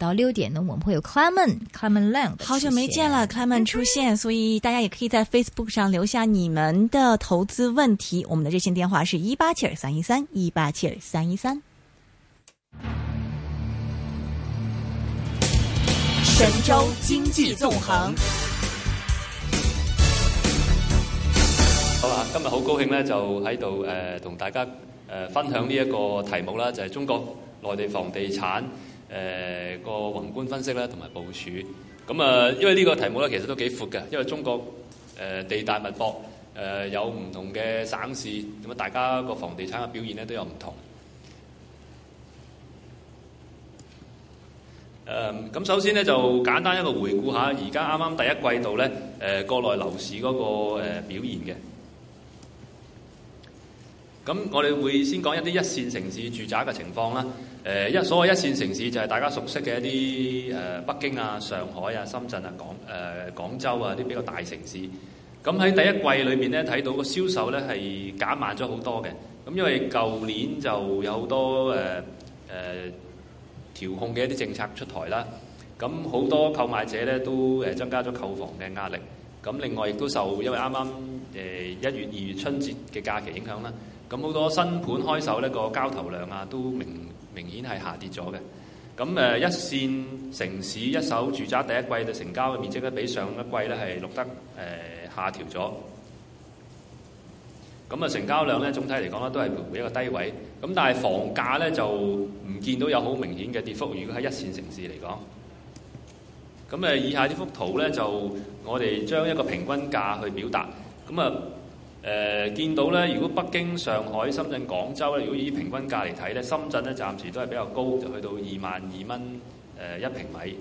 到六點呢，我們會有 Clement、Clement Lan 好久沒見了，Clement 出現，所以大家也可以在 Facebook 上留下你們的投資問題。我們的熱線電話是一八七二三一三一八七二三一三。神州經濟縱橫。好啦，今日好高興呢，就喺度誒同大家誒、呃、分享呢一個題目啦，就係、是、中國內地房地產，誒、呃、那個宏觀分析啦，同埋部署。咁啊，因為呢個題目咧，其實都幾闊嘅，因為中國誒、呃、地大物博，誒、呃、有唔同嘅省市，咁啊，大家個房地產嘅表現咧都有唔同。誒、呃，咁首先呢，就簡單一個回顧一下，而家啱啱第一季度咧，誒、呃、國內樓市嗰個、呃、表現嘅。咁我哋會先講一啲一線城市住宅嘅情況啦。誒，一所謂一線城市就係大家熟悉嘅一啲誒北京啊、上海啊、深圳啊、廣誒廣州啊啲比較大城市。咁喺第一季裏面呢，睇到個銷售呢係減慢咗好多嘅。咁因為舊年就有好多誒誒調控嘅一啲政策出台啦，咁好多購買者呢都誒增加咗購房嘅壓力。咁另外亦都受因為啱啱誒一月二月春節嘅假期影響啦，咁好多新盤開售呢個交投量啊都明明顯係下跌咗嘅，咁誒一線城市一手住宅第一季嘅成交嘅面積咧，比上一季咧係錄得誒、呃、下調咗，咁啊成交量咧總體嚟講咧都係徘徊一個低位，咁但係房價咧就唔見到有好明顯嘅跌幅，如果喺一線城市嚟講，咁誒以下呢幅圖咧就我哋將一個平均價去表達，咁啊。誒、呃、見到咧，如果北京、上海、深圳、廣州咧，如果以平均價嚟睇咧，深圳咧暫時都係比較高，就去到二萬二蚊誒一平米。誒、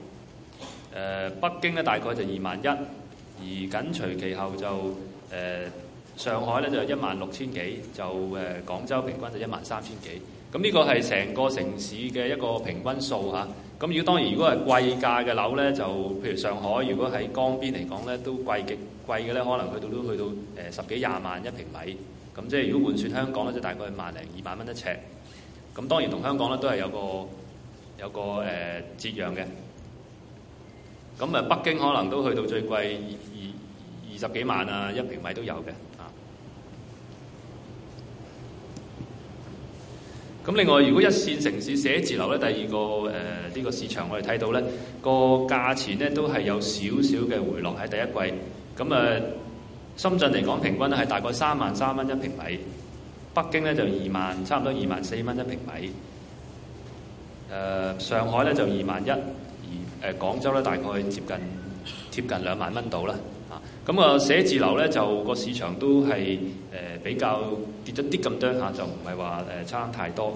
呃、北京咧大概就二萬一，而緊隨其後就誒、呃、上海咧就一萬六千幾，就誒、呃、廣州平均就一萬三千幾。咁呢個係成個城市嘅一個平均數嚇。咁、啊、如果當然，如果係貴價嘅樓咧，就譬如上海，如果喺江邊嚟講咧，都貴極。貴嘅咧，可能去到都去到誒十幾廿萬一平米。咁即係如果換算香港咧，就大概萬零二萬蚊一尺。咁當然同香港咧都係有個有個誒、呃、折讓嘅。咁啊，北京可能都去到最貴二二二十幾萬啊一平米都有嘅啊。咁另外，如果一線城市寫字樓咧，第二個誒呢、呃呢個市場我哋睇到咧個價錢咧都係有少少嘅回落喺第一季。咁誒，深圳嚟講平均咧係大概三萬三蚊一平米，北京咧就二萬，差唔多二萬四蚊一平米。誒、呃，上海咧就二萬一，而、呃、誒廣州咧大概接近貼近兩萬蚊度啦。啊，咁啊寫字樓咧就個市場都係誒、呃、比較跌咗啲咁多下就唔係話誒差太多。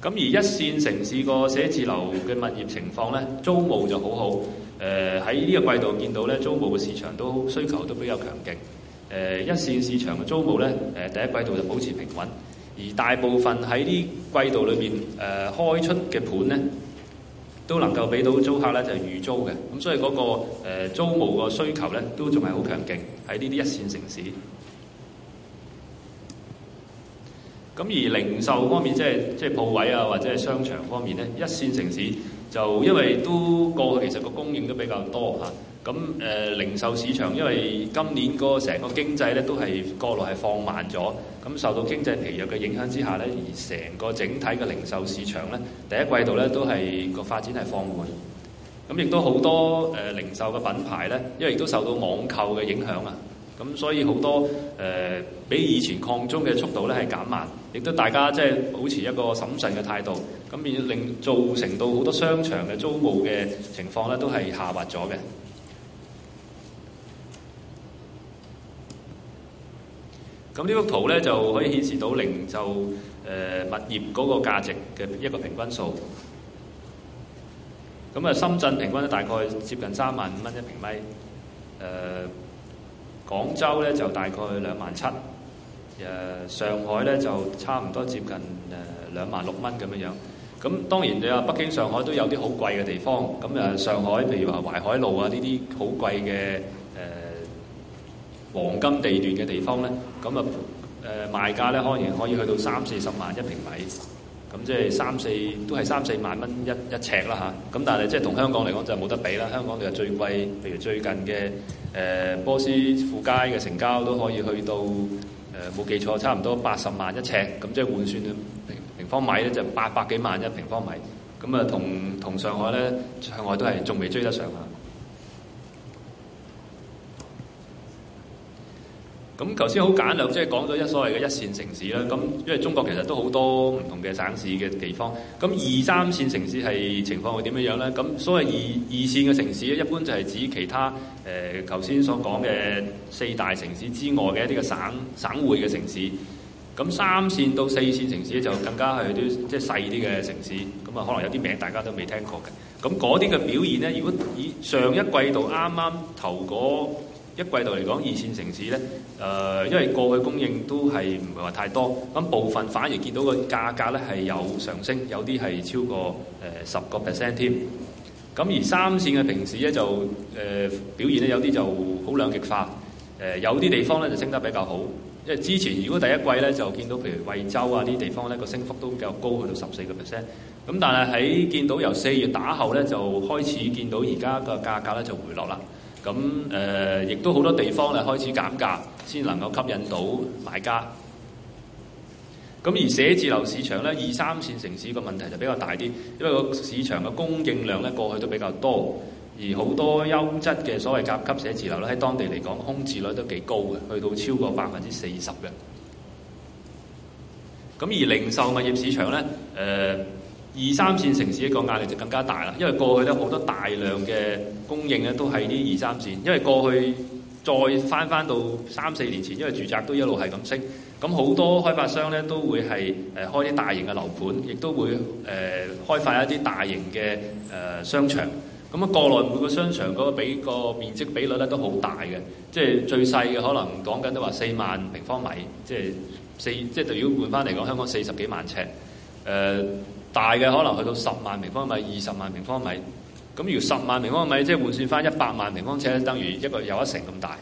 咁而一線城市個寫字樓嘅物業情況咧，租務就好好。誒喺呢個季度見到咧，租務嘅市場都需求都比較強勁。誒、呃、一線市場嘅租務咧，誒、呃、第一季度就保持平穩，而大部分喺呢季度裏面誒開出嘅盤咧，都能夠俾到租客咧就是、預租嘅。咁所以嗰、那個、呃、租務嘅需求咧都仲係好強勁喺呢啲一線城市。咁而零售方面即係即係鋪位啊或者係商場方面咧，一線城市。就因為都過去其實個供應都比較多咁、呃、零售市場因為今年個成個經濟咧都係國內係放慢咗，咁受到經濟疲弱嘅影響之下咧，而成個整體嘅零售市場咧第一季度咧都係個發展係放緩，咁亦都好多、呃、零售嘅品牌咧，因為亦都受到網購嘅影響啊，咁所以好多、呃、比以前擴張嘅速度咧係減慢。亦都大家即係保持一個審慎嘅態度，咁變令造成到好多商場嘅租務嘅情況咧，都係下滑咗嘅。咁呢幅圖咧就可以顯示到零售誒物業嗰個價值嘅一個平均數。咁啊，深圳平均大概接近三萬五蚊一平米，誒、呃，廣州咧就大概兩萬七。上海咧就差唔多接近誒兩，呃，萬六蚊咁樣。咁當然你話北京、上海都有啲好貴嘅地方，咁，呃，上海譬如話淮海路啊呢啲好貴嘅誒黃金地段嘅地方咧，咁啊，呃，賣價咧，當然可以去到三四十萬一平米，咁即係三四都係三四萬蚊一一尺啦咁，啊，但係即係同香港嚟講就冇得比啦。香港你話最貴，譬如最近嘅、呃，波斯富街嘅成交都可以去到。誒冇記錯，差唔多八十萬一尺，咁即係換算啊平平方米咧就八百幾萬一平方米，咁啊同同上海咧上海都係仲未追得上啊。咁頭先好簡略，即係講咗一所謂嘅一線城市啦。咁因為中國其實都好多唔同嘅省市嘅地方。咁二三線城市係情況會點樣呢？咁所謂二二線嘅城市咧，一般就係指其他誒頭先所講嘅四大城市之外嘅一啲嘅省省會嘅城市。咁三線到四線城市就更加係啲即係細啲嘅城市。咁啊，可能有啲名大家都未聽過嘅。咁嗰啲嘅表現呢，如果以上一季度啱啱頭嗰一季度嚟講，二線城市咧、呃，因為過去供應都係唔係話太多，咁部分反而見到個價格咧係有上升，有啲係超過十個 percent 添。咁、呃、而三線嘅平時咧就、呃、表現咧有啲就好兩極化，呃、有啲地方咧就升得比較好，因為之前如果第一季咧就見到譬如惠州啊啲地方咧個升幅都比較高，去到十四個 percent。咁但係喺見到由四月打後咧就開始見到而家個價格咧就回落啦。咁、呃、亦都好多地方咧開始減價，先能夠吸引到買家。咁而寫字樓市場呢，二三線城市個問題就比較大啲，因為個市場嘅供應量呢過去都比較多，而好多優質嘅所謂甲級寫字樓呢，喺當地嚟講，空置率都幾高嘅，去到超過百分之四十嘅。咁而零售物業市場呢。呃二三線城市一個壓力就更加大啦，因為過去咧好多大量嘅供應咧都係呢二三線，因為過去再翻翻到三四年前，因為住宅都一路係咁升，咁好多開發商咧都會係誒開啲大型嘅樓盤，亦都會誒、呃、開發一啲大型嘅誒、呃、商場。咁啊，國內每個商場嗰個比個面積比率咧都好大嘅，即係最細嘅可能講緊都話四萬平方米，即係四即係對於換翻嚟講，香港四十幾萬尺誒。呃大嘅可能去到十萬平方米、二十萬平方米，咁如十萬平方米，即係換算翻一百萬平方尺，等於一個有一成咁大。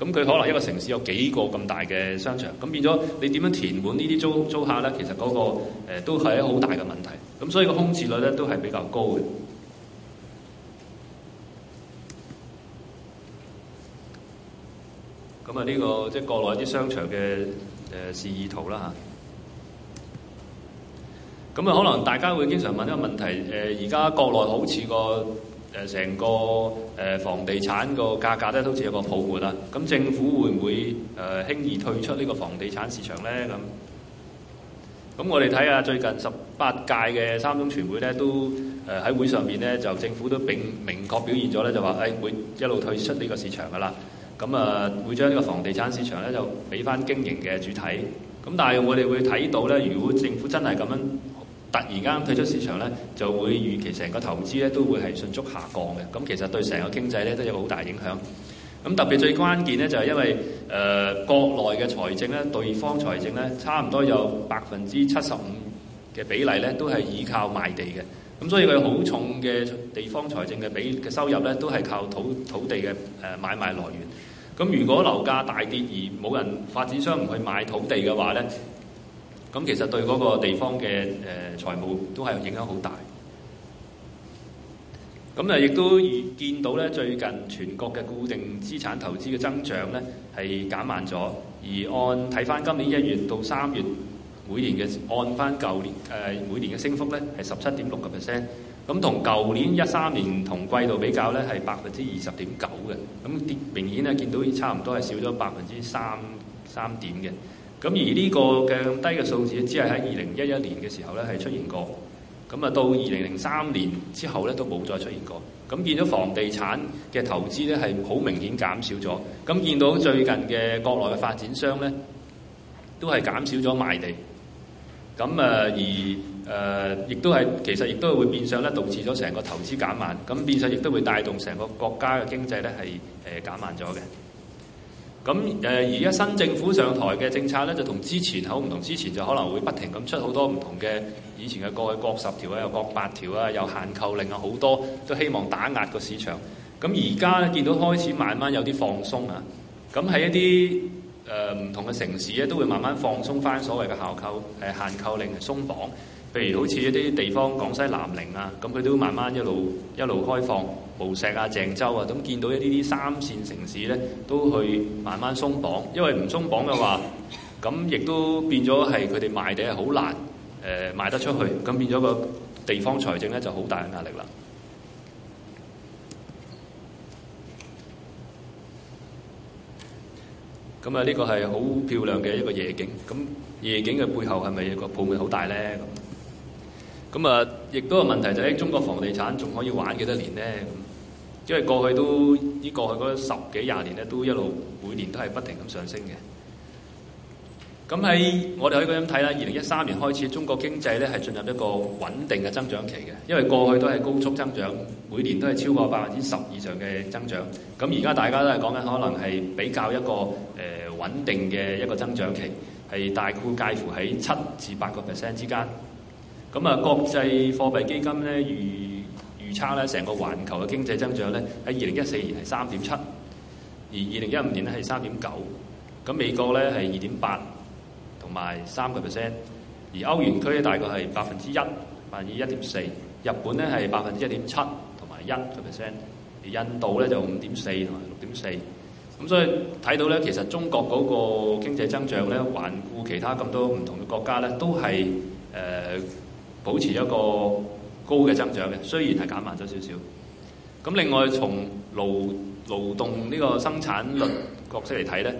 咁佢可能一個城市有幾個咁大嘅商場，咁變咗你點樣填滿呢啲租租客呢？其實嗰個、呃、都係一個好大嘅問題。咁所以個空置率呢都係比較高嘅。咁啊、這個，呢個即係國內啲商場嘅、呃、示意圖啦嚇。咁啊，可能大家會經常問一個問題誒，而、呃、家國內好似個誒成、呃、個誒、呃、房地產個價格咧，都好似有個泡沫啦。咁政府會唔會誒、呃、輕易退出呢個房地產市場咧？咁咁，我哋睇下最近十八屆嘅三中全會咧，都誒喺、呃、會上邊咧，就政府都並明,明確表現咗咧，就話誒、哎、會一路退出呢個市場噶啦。咁啊、呃，會將呢個房地產市場咧就俾翻經營嘅主體。咁但係我哋會睇到咧，如果政府真係咁樣。突然間退出市場呢，就會預期成個投資呢，都會係迅速下降嘅。咁其實對成個經濟呢，都有好大影響。咁特別最關鍵呢，就係因為誒國內嘅財政呢，地方財政呢，差唔多有百分之七十五嘅比例呢，都係依靠賣地嘅。咁所以佢好重嘅地方財政嘅比嘅收入呢，都係靠土土地嘅誒買賣來源。咁如果樓價大跌而冇人發展商唔去買土地嘅話呢。咁其實對嗰個地方嘅誒財務都係影響好大。咁啊，亦都見到咧，最近全國嘅固定資產投資嘅增長咧係減慢咗。而按睇翻今年一月到三月，每年嘅按翻舊年誒、呃、每年嘅升幅咧係十七點六個 percent。咁同舊年一三年同季度比較咧係百分之二十點九嘅。咁明顯咧，見到差唔多係少咗百分之三三點嘅。咁而呢個嘅低嘅數字，只係喺二零一一年嘅時候咧係出現過，咁啊到二零零三年之後咧都冇再出現過。咁變咗房地產嘅投資咧係好明顯減少咗，咁見到最近嘅國內嘅發展商咧都係減少咗賣地，咁啊而亦都係其實亦都會變相咧導致咗成個投資減慢，咁變相亦都會帶動成個國家嘅經濟咧係減慢咗嘅。咁誒而家新政府上台嘅政策咧，就同之前好唔同。之前就可能會不停咁出好多唔同嘅以前嘅過去國十條啊，又國八條啊，有限購令啊，好多都希望打壓個市場。咁而家咧見到開始慢慢有啲放鬆啊。咁喺一啲誒唔同嘅城市咧，都會慢慢放鬆翻所謂嘅限購誒限購令鬆綁。譬如好似一啲地方，廣西南寧啊，咁佢都慢慢一路一路開放，無錫啊、鄭州啊，咁見到一啲啲三線城市咧，都去慢慢鬆綁，因為唔鬆綁嘅話，咁亦都變咗係佢哋賣地係好難，誒、呃、賣得出去，咁變咗個地方財政咧就好大嘅壓力啦。咁啊，呢個係好漂亮嘅一個夜景，咁夜景嘅背後係咪個泡沫好大咧？咁啊，亦都有問題就係中國房地產仲可以玩幾多年呢？因為過去都呢過去嗰十幾廿年咧，都一路每年都係不停咁上升嘅。咁喺我哋可以咁睇啦，二零一三年開始，中國經濟咧係進入一個穩定嘅增長期嘅。因為過去都係高速增長，每年都係超過百分之十以上嘅增長。咁而家大家都係講緊可能係比較一個誒、呃、穩定嘅一個增長期，係大概介乎喺七至八個 percent 之間。咁啊，國際貨幣基金咧預預測咧，成個環球嘅經濟增長咧，喺二零一四年係三點七，而二零一五年咧係三點九，咁美國咧係二點八同埋三個 percent，而歐元區大概係百分之一，萬二一點四，日本咧係百分之一點七同埋一個 percent，而印度咧就五點四同埋六點四，咁所以睇到咧，其實中國嗰個經濟增長咧，環顧其他咁多唔同嘅國家咧，都係誒、呃保持一個高嘅增長嘅，雖然係減慢咗少少。咁另外從勞勞動呢個生產率角色嚟睇呢，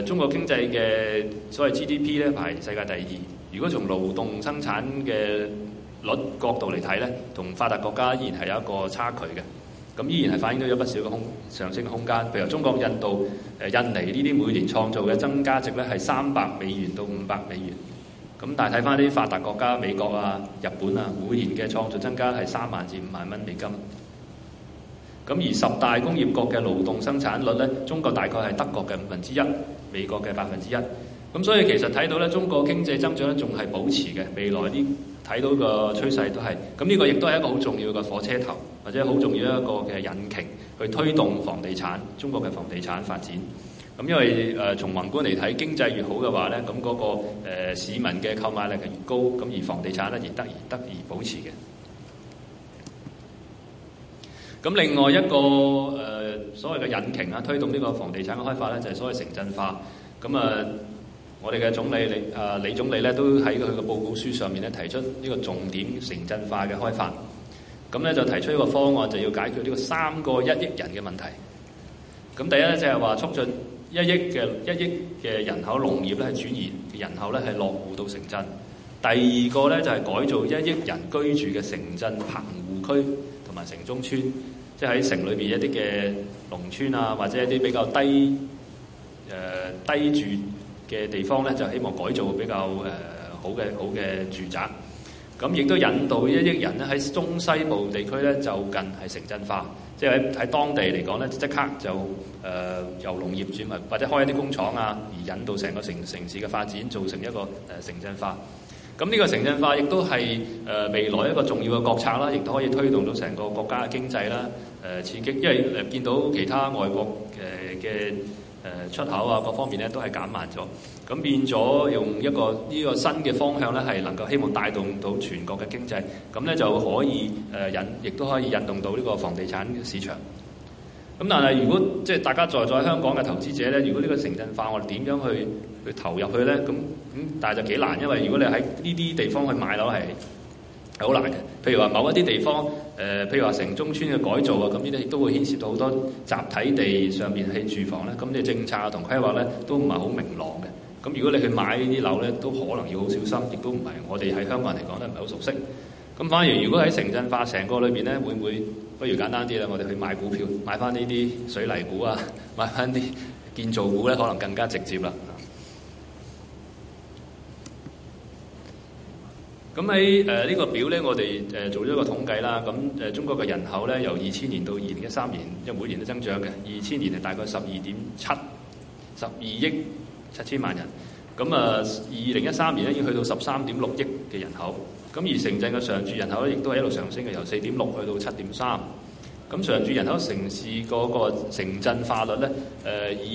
誒中國經濟嘅所謂 GDP 咧排世界第二。如果從勞動生產嘅率角度嚟睇呢，同發達國家依然係有一個差距嘅。咁依然係反映咗有不少嘅空上升空間。譬如中國、印度、誒印尼呢啲每年創造嘅增加值咧係三百美元到五百美元。咁但係睇翻啲發達國家，美國啊、日本啊，每年嘅創造增加係三萬至五萬蚊美金。咁而十大工業國嘅勞動生產率咧，中國大概係德國嘅五分之一，美國嘅百分之一。咁所以其實睇到咧，中國經濟增長咧仲係保持嘅，未來呢，睇到個趨勢都係。咁呢個亦都係一個好重要嘅火車頭，或者好重要一個嘅引擎去推動房地產中國嘅房地產發展。咁因為誒從宏觀嚟睇，經濟越好嘅話咧，咁、誒、嗰個市民嘅購買力係越高，咁而房地產咧亦得而得以保持嘅。咁另外一個誒所謂嘅引擎啊，推動呢個房地產嘅開發咧，就係所謂城鎮化。咁啊，我哋嘅總理李啊李總理咧，都喺佢嘅報告書上面咧提出呢個重點城鎮化嘅開發。咁咧就提出一個方案，就要解決呢個三個一億人嘅問題。咁第一咧就係話促進。一億嘅一億嘅人口農業咧係轉移，人口咧係落戶到城鎮。第二個咧就係改造一億人居住嘅城鎮棚戶區同埋城中村，即係喺城裏邊一啲嘅農村啊，或者一啲比較低誒、呃、低住嘅地方咧，就希望改造比較誒好嘅好嘅住宅。咁亦都引導一億人咧喺中西部地區咧就近係城鎮化。即係喺當地嚟講呢，即刻就誒由農業轉為，或者開一啲工廠啊，而引導成個城城市嘅發展，造成一個城鎮化。咁呢個城鎮化亦都係未來一個重要嘅國策啦，亦都可以推動到成個國家嘅經濟啦，誒刺激，因為見到其他外國誒嘅。誒出口啊，各方面咧都係減慢咗，咁變咗用一個呢個新嘅方向咧，係能夠希望帶動到全國嘅經濟，咁咧就可以誒引，亦都可以引動到呢個房地產市場。咁但係如果即係、就是、大家在在香港嘅投資者咧，如果呢個城鎮化，我哋點樣去去投入去咧？咁咁、嗯，但係就幾難，因為如果你喺呢啲地方去買樓，係。係好難嘅，譬如話某一啲地方，誒、呃，譬如話城中村嘅改造啊，咁呢啲亦都會牽涉到好多集體地上面喺住房咧，咁呢啲政策同規劃咧都唔係好明朗嘅。咁如果你去買呢啲樓咧，都可能要好小心，亦都唔係我哋喺香港人嚟講咧唔係好熟悉。咁反而如果喺城鎮化成個裏邊咧，會唔會不如簡單啲咧？我哋去買股票，買翻呢啲水泥股啊，買翻啲建造股咧，可能更加直接啦。咁喺誒呢個表咧，我哋誒做咗一個統計啦。咁誒中國嘅人口咧，由二千年到二零一三年，因為每年都增長嘅。二千年係大概十二點七，十二億七千萬人，咁啊二零一三年咧已經去到十三點六億嘅人口。咁而城鎮嘅常住人口咧，亦都係一路上升嘅，由四點六去到七點三。咁常住人口城市嗰個城鎮化率咧，誒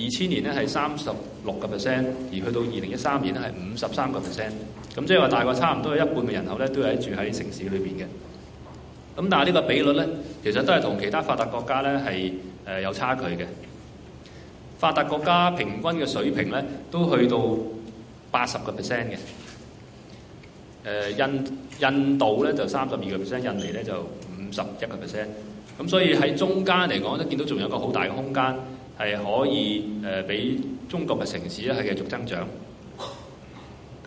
二千年咧係三十六個 percent，而去到二零一三年咧係五十三個 percent。咁即係話大概差唔多有一半嘅人口咧都係住喺城市裏邊嘅。咁但係呢個比率咧，其實都係同其他發達國家咧係誒有差距嘅。發達國家平均嘅水平咧都去到八十個 percent 嘅。誒、呃、印印度咧就三十二個 percent，印尼咧就五十一個 percent。咁所以喺中間嚟講，咧，見到仲有個好大嘅空間，係可以誒俾、呃、中國嘅城市咧係繼續增長。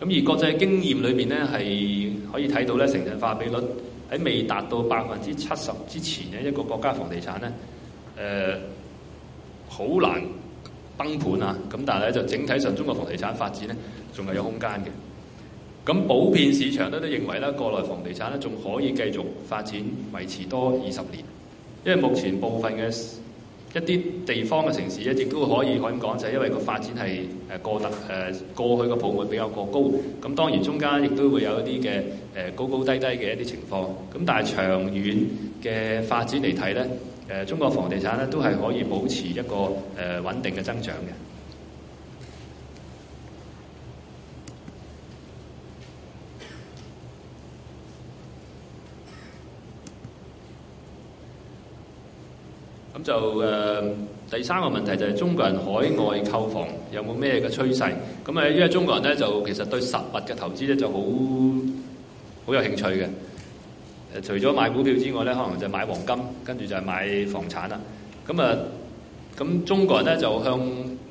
咁而國際經驗裏邊咧，係可以睇到咧，城鎮化比率喺未達到百分之七十之前咧，一個國家房地產咧，誒、呃、好難崩盤啊。咁但係咧，就整體上中國房地產發展咧，仲係有空間嘅。咁普遍市場咧都認為咧，國內房地產咧仲可以繼續發展，維持多二十年。因為目前部分嘅一啲地方嘅城市，一直都可以可以講就係、是、因為個發展係誒過得誒過去個泡沫比較過高，咁當然中間亦都會有一啲嘅誒高高低低嘅一啲情況，咁但係長遠嘅發展嚟睇咧，誒中國房地產咧都係可以保持一個誒穩定嘅增長嘅。咁就誒、呃、第三個問題就係中國人海外購房有冇咩嘅趨勢？咁啊，因為中國人咧就其實對實物嘅投資咧就好好有興趣嘅。除咗買股票之外咧，可能就係買黃金，跟住就係買房產啦。咁啊，咁中國人咧就向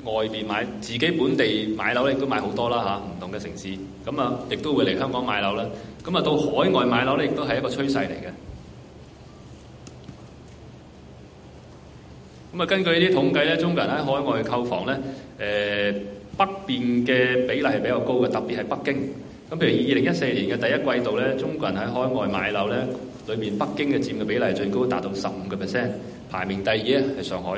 外邊買，自己本地買樓咧亦都買好多啦嚇，唔同嘅城市。咁啊，亦都會嚟香港買樓啦。咁啊，到海外買樓咧亦都係一個趨勢嚟嘅。咁啊，根據呢啲統計咧，中國人喺海外購房咧，誒北邊嘅比例係比較高嘅，特別係北京。咁譬如二零一四年嘅第一季度咧，中國人喺海外買樓咧，裏面北京嘅佔嘅比例最高，達到十五個 percent，排名第二咧係上海，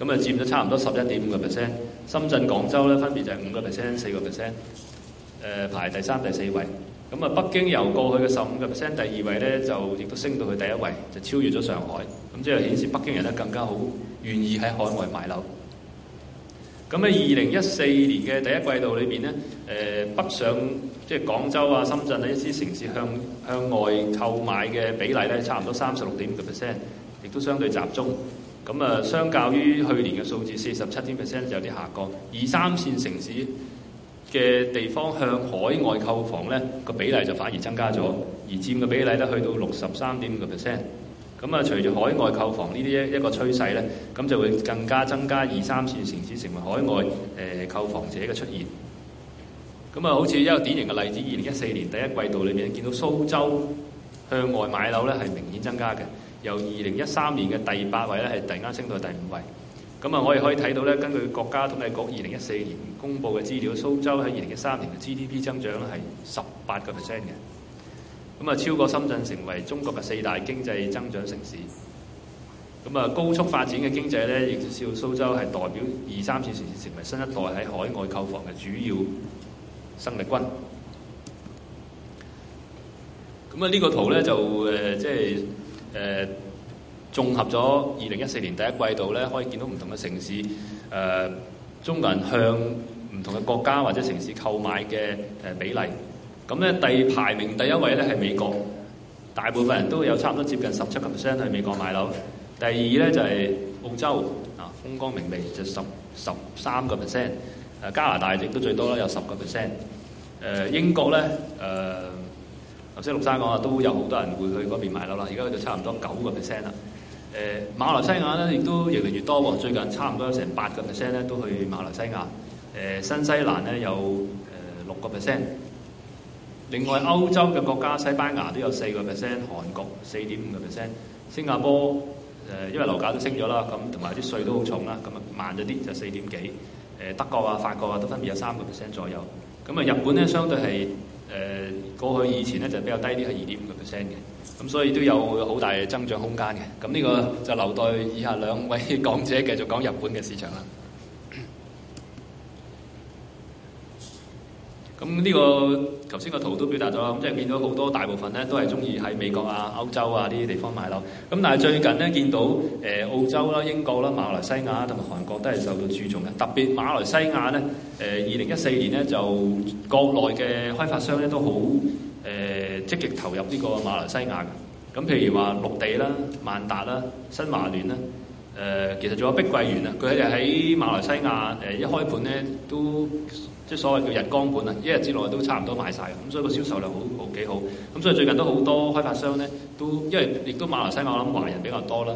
咁啊佔咗差唔多十一點五個 percent。深圳、廣州咧分別就係五個 percent、四個 percent，誒排第三、第四位。咁啊，北京由過去嘅十五個 percent 第二位咧，就亦都升到去第一位，就超越咗上海。咁即係顯示北京人咧更加好願意喺海外買樓。咁喺二零一四年嘅第一季度裏邊呢，誒、呃、北上即係、就是、廣州啊、深圳呢、啊、一啲城市向向外購買嘅比例咧，差唔多三十六點五個 percent，亦都相對集中。咁啊，相較於去年嘅數字四十七點 percent 有啲下降，而三線城市嘅地方向海外購房咧，個比例就反而增加咗，而佔嘅比例咧去到六十三點五個 percent。咁啊，隨住海外購房呢啲一一個趨勢咧，咁就會更加增加二三線城市成為海外誒購房者嘅出現。咁啊，好似一個典型嘅例子，二零一四年第一季度裏面見到蘇州向外買樓咧係明顯增加嘅，由二零一三年嘅第八位咧係突然間升到第五位。咁啊，我哋可以睇到咧，根據國家統計局二零一四年公布嘅資料，蘇州喺二零一三年嘅 GDP 增長咧係十八個 percent 嘅，咁啊超過深圳成為中國嘅四大經濟增長城市。咁啊，高速發展嘅經濟咧，亦都笑蘇州係代表二三線城市成為新一代喺海外購房嘅主要生力軍。咁啊，呢個圖咧就誒即係誒。呃就是呃綜合咗二零一四年第一季度咧，可以見到唔同嘅城市，誒、呃，中國人向唔同嘅國家或者城市購買嘅誒比例。咁咧，第排名第一位咧係美國，大部分人都有差唔多接近十七個 percent 去美國買樓。第二咧就係、是、澳洲，啊風光明媚，就十十三個 percent。誒、啊、加拿大亦都最多啦，有十個 percent。誒、啊、英國咧，誒頭先陸生講啊，都有好多人會去嗰邊買樓啦。而家佢就差唔多九個 percent 啦。誒馬來西亞咧，亦都越嚟越多喎。最近差唔多有成八個 percent 咧，都去馬來西亞。誒新西蘭咧有誒六個 percent。另外歐洲嘅國家，西班牙都有四個 percent，韓國四點五個 percent，新加坡誒因為樓價都升咗啦，咁同埋啲稅都好重啦，咁啊慢咗啲就四點幾。誒德國啊、法國啊都分別有三個 percent 左右。咁啊日本咧，相對係。誒過去以前咧就比較低啲，係二點五個 percent 嘅，咁所以都有好大嘅增長空間嘅。咁呢個就留待以下兩位講者繼續講日本嘅市場啦。咁呢、呢個頭先個圖都表達咗，咁即係見到好多大部分咧都係中意喺美國啊、歐洲啊呢啲地方買樓。咁但係最近咧見到、呃、澳洲啦、啊、英國啦、啊、馬來西亞同埋韓國都係受到注重嘅。特別馬來西亞咧，誒二零一四年咧就國內嘅開發商咧都好誒、呃、積極投入呢個馬來西亞嘅。咁譬如話綠地啦、啊、萬達啦、啊、新華聯啦、啊。誒、呃，其實仲有碧桂園啊，佢喺度喺馬來西亞誒、呃，一開盤咧都即係所謂叫日光盤啊，一日之內都差唔多賣晒，咁所以個銷售量好好幾好。咁所以最近都好多開發商咧，都因為亦都馬來西亞，我諗華人比較多啦，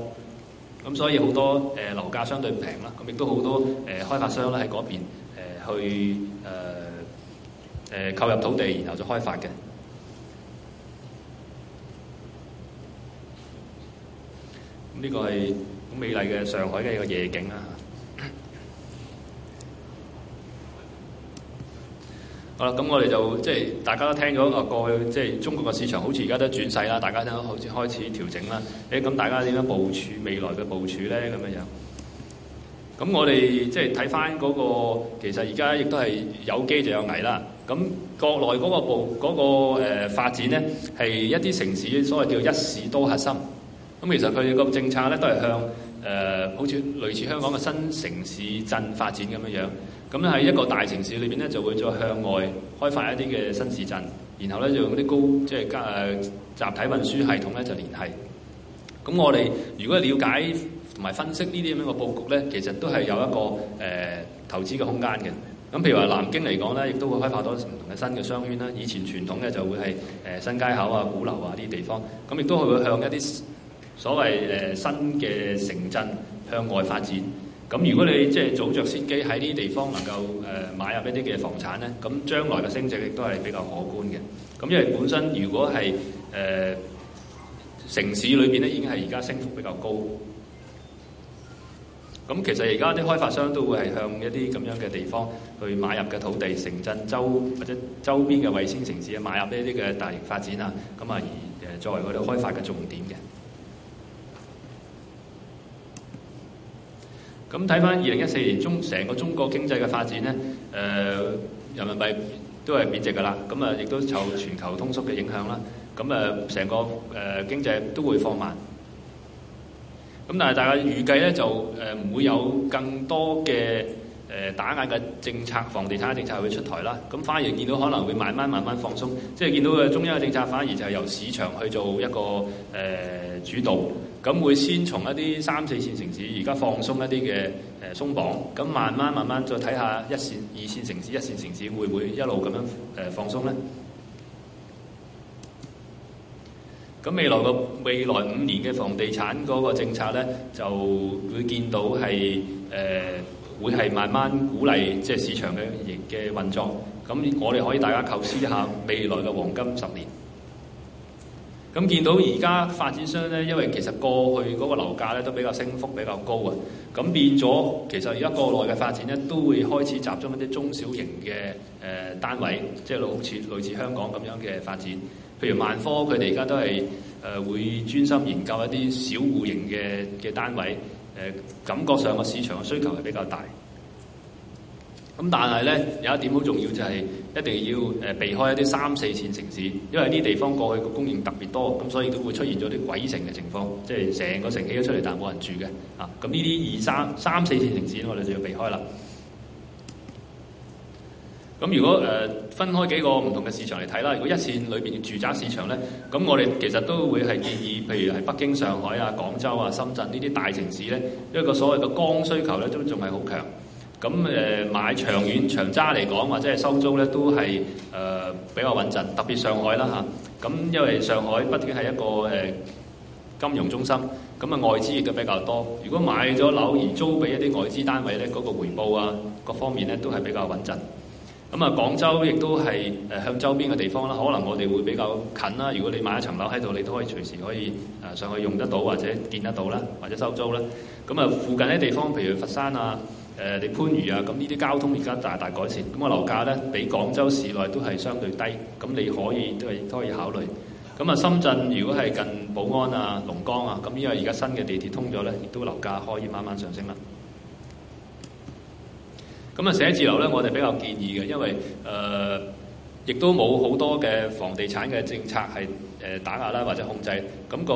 咁所以好多誒、呃、樓價相對平啦，咁亦都好多誒、呃、開發商咧喺嗰邊去誒誒購入土地，然後再開發嘅。咁呢個係。美麗嘅上海嘅一個夜景啦，好啦，咁我哋就即係大家都聽咗個過去，即係中國嘅市場，好似而家都轉勢啦，大家都好似開始調整啦。誒、哎，咁大家點樣部署未來嘅部署咧？咁樣樣，咁我哋即係睇翻嗰個，其實而家亦都係有機就有危啦。咁國內嗰個布嗰、嗰個發展咧，係一啲城市所謂叫一市多核心。咁其實佢哋個政策咧都係向誒、呃，好似類似香港嘅新城市鎮發展咁樣樣，咁喺一個大城市裏面咧，就會再向外開發一啲嘅新市鎮，然後咧就用啲高，即係加、呃、集體運輸系統咧就連繫，咁我哋如果了解同埋分析呢啲咁樣嘅佈局咧，其實都係有一個、呃、投資嘅空間嘅。咁譬如話南京嚟講咧，亦都會開發多唔同嘅新嘅商圈啦。以前傳統嘅就會係新街口啊、鼓樓啊啲地方，咁亦都會向一啲所謂，誒新嘅城鎮向外發展，咁如果你即係早着先機喺呢啲地方能夠誒買入一啲嘅房產咧，咁將來嘅升值亦都係比較可觀嘅。咁因為本身如果係誒、呃、城市裏邊咧，已經係而家升幅比較高。咁其實而家啲開發商都會係向一啲咁樣嘅地方去買入嘅土地、城鎮周或者周邊嘅衛星城市啊，買入呢啲嘅大型發展啊，咁啊而誒作為佢哋開發嘅重點嘅。咁睇翻二零一四年中成個中國經濟嘅發展咧，誒人民幣都係貶值㗎啦。咁啊，亦都受全球通縮嘅影響啦。咁啊，成個誒經濟都會放慢。咁但係大家預計咧就誒唔會有更多嘅誒打壓嘅政策，房地產政策會出台啦。咁反而見到可能會慢慢慢慢放鬆，即係見到嘅中央嘅政策反而就係由市場去做一個誒主導。咁會先從一啲三四線城市，而家放鬆一啲嘅誒鬆綁，咁慢慢慢慢再睇下一線、二線城市、一線城市會唔會一路咁樣誒放鬆呢？咁未來個未來五年嘅房地產嗰個政策呢，就會見到係、呃、會係慢慢鼓勵即係市場嘅嘅運作。咁我哋可以大家構思一下未來嘅黃金十年。咁見到而家發展商咧，因為其實過去嗰個樓價咧都比較升幅比較高啊，咁變咗其實而家國內嘅發展咧都會開始集中一啲中小型嘅、呃、單位，即係好似類似香港咁樣嘅發展。譬如萬科佢哋而家都係、呃、會專心研究一啲小戶型嘅嘅單位、呃，感覺上個市場嘅需求係比較大。咁但係呢，有一點好重要就係一定要避開一啲三四線城市，因為呢啲地方過去個供應特別多，咁所以都會出現咗啲鬼城嘅情況，即係成個城起咗出嚟但係冇人住嘅。啊，咁呢啲二三三四線城市我哋就要避開啦。咁如果、呃、分開幾個唔同嘅市場嚟睇啦，如果一線裏面嘅住宅市場呢，咁我哋其實都會係建議，譬如係北京、上海啊、廣州啊、深圳呢啲大城市呢，因為一個所謂嘅剛需求呢，都仲係好強。咁誒、呃、買長遠長揸嚟講，或者係收租呢都係誒、呃、比較穩陣。特別上海啦咁、啊、因為上海畢竟係一個、呃、金融中心，咁、嗯、啊外資亦都比較多。如果買咗樓而租俾一啲外資單位呢，嗰、那個回報啊各方面呢都係比較穩陣。咁啊廣州亦都係向周邊嘅地方啦，可能我哋會比較近啦。如果你買一層樓喺度，你都可以隨時可以上去用得到或者見得到啦，或者收租啦。咁啊附近啲地方，譬如佛山啊。誒，你番禺啊，咁呢啲交通而家大大改善，咁我樓價呢，比廣州市內都係相對低，咁你可以都係都可以考慮。咁啊，深圳如果係近寶安啊、龍崗啊，咁因為而家新嘅地鐵通咗呢，亦都樓價可以慢慢上升啦。咁啊，寫字樓呢，我哋比較建議嘅，因為誒，亦、呃、都冇好多嘅房地產嘅政策係。誒打壓啦，或者控制，咁個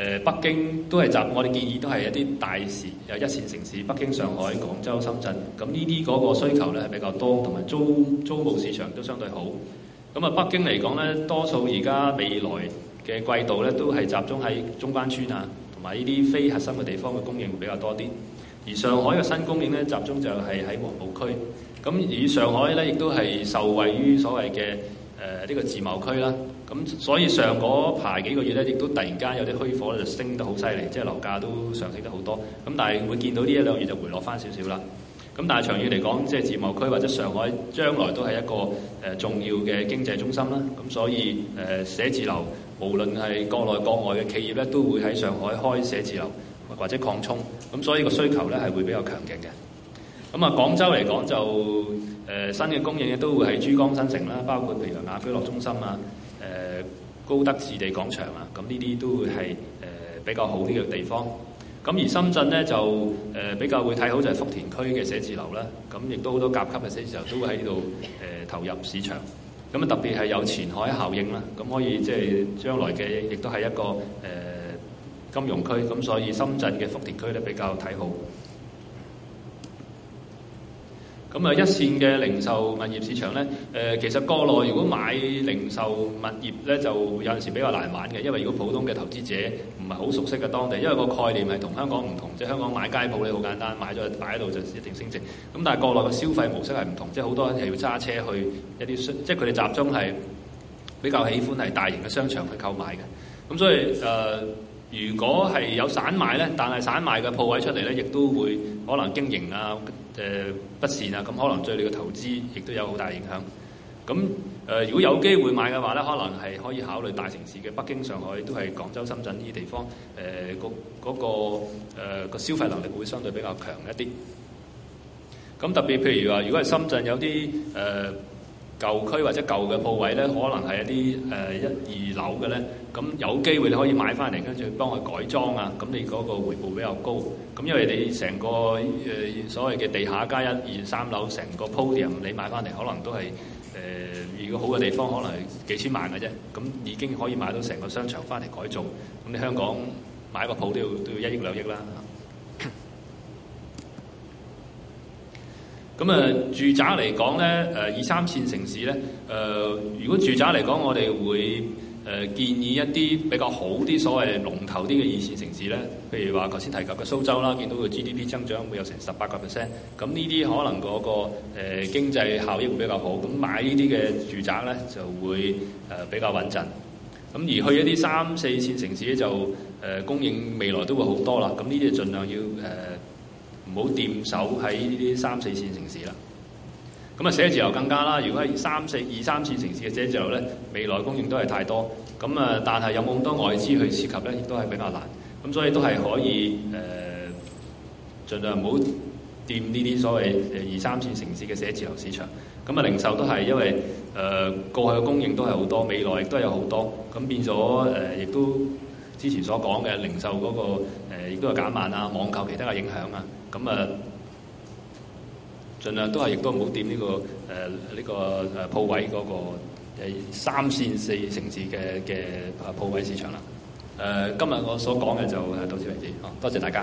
誒北京都係集，我哋建議都係一啲大市、有一線城市，北京、上海、廣州、深圳，咁呢啲嗰個需求咧係比較多，同埋租租務市場都相對好。咁啊，北京嚟講咧，多數而家未來嘅季度咧，都係集中喺中關村啊，同埋呢啲非核心嘅地方嘅供應會比較多啲。而上海嘅新供應咧，集中就係喺黃浦區。咁而上海咧，亦都係受惠於所謂嘅誒呢個自貿區啦。咁，所以上嗰排幾個月咧，亦都突然間有啲虛火，就升得好犀利，即係樓價都上升得好多。咁但係會見到呢一兩月就回落翻少少啦。咁但係長遠嚟講，即係自貿區或者上海將來都係一個、呃、重要嘅經濟中心啦。咁所以、呃、寫字樓，無論係國內國外嘅企業咧，都會喺上海開寫字樓或者擴充。咁所以個需求咧係會比較強勁嘅。咁啊，廣州嚟講就、呃、新嘅供應都會喺珠江新城啦，包括譬如雅居樂中心啊。誒、呃、高德置地廣場啊，咁呢啲都會係誒比較好啲嘅地方。咁而深圳呢，就誒、呃、比較會睇好就係福田區嘅寫字樓啦。咁亦都好多甲級嘅寫字樓都會喺呢度、呃、投入市場。咁啊，特別係有前海效應啦，咁可以即係將來嘅亦都係一個、呃、金融區，咁所以深圳嘅福田區咧比較睇好。咁啊，一線嘅零售物業市場呢、呃，其實國內如果買零售物業呢，就有陣時比較難玩嘅，因為如果普通嘅投資者唔係好熟悉嘅當地，因為個概念係同香港唔同，即係香港買街鋪呢好簡單，買咗擺喺度就一定升值。咁但係國內嘅消費模式係唔同，即係好多人係要揸車去一啲，即係佢哋集中係比較喜歡係大型嘅商場去購買嘅。咁所以誒、呃，如果係有散賣呢，但係散賣嘅鋪位出嚟呢，亦都會可能經營啊，誒、呃、不善啊，咁可能對你嘅投資亦都有好大影響。咁誒、呃，如果有機會買嘅話呢，可能係可以考慮大城市嘅北京、上海，都係廣州、深圳呢啲地方。誒、呃，那那個嗰個、呃、消費能力會相對比較強一啲。咁特別譬如話，如果係深圳有啲誒。呃舊區或者舊嘅鋪位呢，可能係一啲誒、呃、一二樓嘅呢。咁有機會你可以買翻嚟，跟住幫佢改裝啊。咁你嗰個回報比較高。咁因為你成個、呃、所謂嘅地下加一二三樓成個 podium，你買翻嚟可能都係、呃、如果好嘅地方可能係幾千萬嘅啫。咁已經可以買到成個商場翻嚟改造。咁你香港買個鋪都要都要一億兩億啦。咁啊，住宅嚟講咧，誒二三線城市咧，誒、呃、如果住宅嚟講，我哋會誒建議一啲比較好啲、所謂龍頭啲嘅二線城市咧，譬如話頭先提及嘅蘇州啦，見到佢 GDP 增長會有成十八個 percent，咁呢啲可能嗰、嗰個誒、呃、經濟效益會比較好，咁買呢啲嘅住宅咧就會誒、呃、比較穩陣。咁而去一啲三四線城市咧就誒、呃、供應未來都會好多啦，咁呢啲盡量要誒。呃唔好掂手喺呢啲三四線城市啦。咁啊，寫字樓更加啦。如果係三四二三線城市嘅寫字樓呢，未來供應都係太多。咁啊，但係有冇咁多外資去涉及呢？亦都係比較難。咁所以都係可以誒，儘量唔好掂呢啲所謂二三線城市嘅寫字樓市場。咁啊，零售都係因為誒過去嘅供應都係好多，未來亦都有好多。咁變咗誒，亦都。之前所講嘅零售嗰個誒亦都係減慢啊，網購其他嘅影響啊，咁啊，儘量都係亦都唔好掂呢個誒呢個誒鋪位嗰個誒三線四城市嘅嘅誒鋪位市場啦。誒、啊，今日我所講嘅就到此為止，多謝大家。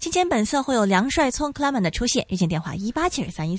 今天本色會有梁帥聰、克拉曼的出現，熱線電話一八七二三一三。